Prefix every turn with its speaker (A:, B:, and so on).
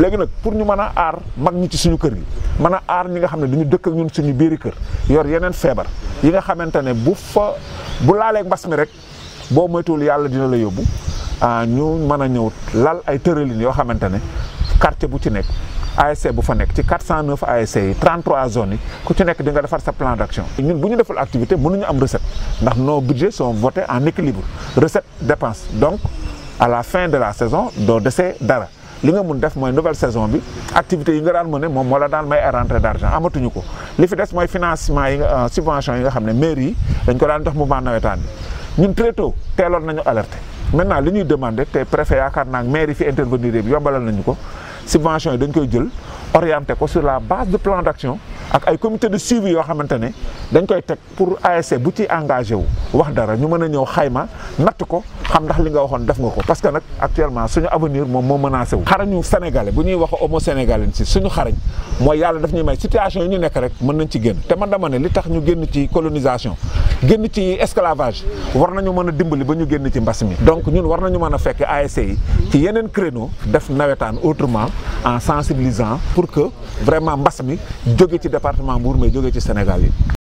A: léegi nak pour ñu mëna ar mag ñu ci suñu kër gi mëna ar ñi nga xamné ne dañu dëkk ak ñun suñu biiri kër yor yenen feebar yi nga xamante ne bu fa bu laalee mbas mi rek bo moytuwul yalla dina la yobbu ah ñu mëna ñëw lal ay tëralin yo xamante ne quartier bu ci nek ASC bu fa nek ci 409 ASC yi 33 zones yi ku ci nek di nga defar sa plan d'action. ñun bu ñu deful activité ñu am recette ndax nos budgets sont votés en équilibre recette dépense donc à la fin de la saison doo dese dara. li nga mun def mooy nouvelle saison bi activité yi nga daan mën ne moom moo la daan may rentrée d' argent amatuñu ko li fi des mooy financement yi nga euh, subvention yi nga xam ne mairie yi dañ ko daan jox mouvement nawetaan bi ñun très tôt teeloon nañu alerté maintenant li ñuy demandé te préfet yaakaar naa mairie fi intervenir bi yombalal nañu ko subvention yi dañ koy jël orienté ko sur la base du plan d' action ak ay comité de suivi yoo xamante ne dañ koy teg pour ASC bu ci engagé wu wax dara ñu mën a ñëw xayma natt ko xam ndax li nga waxoon def nga ko parce que nag actuellement suñu avenir moom moo menacé wu xarañu sénégalais bu ñuy wax homo sénégalais si suñu xarañ mooy yàlla daf ñuy may situation yi ñu nekk rek mën nañ ci génn te man ma ne li tax ñu génn ci colonisation génn ci esclavage war nañu mën a dimbali ba ñu génn ci mbas mi donc ñun war nañu mën a fekk ASC yi ci yeneen créneau def nawetaan autrement en sensibilisant pour que vraiment mbas mi jóge ci département Mbour mais jóge ci Sénégal yi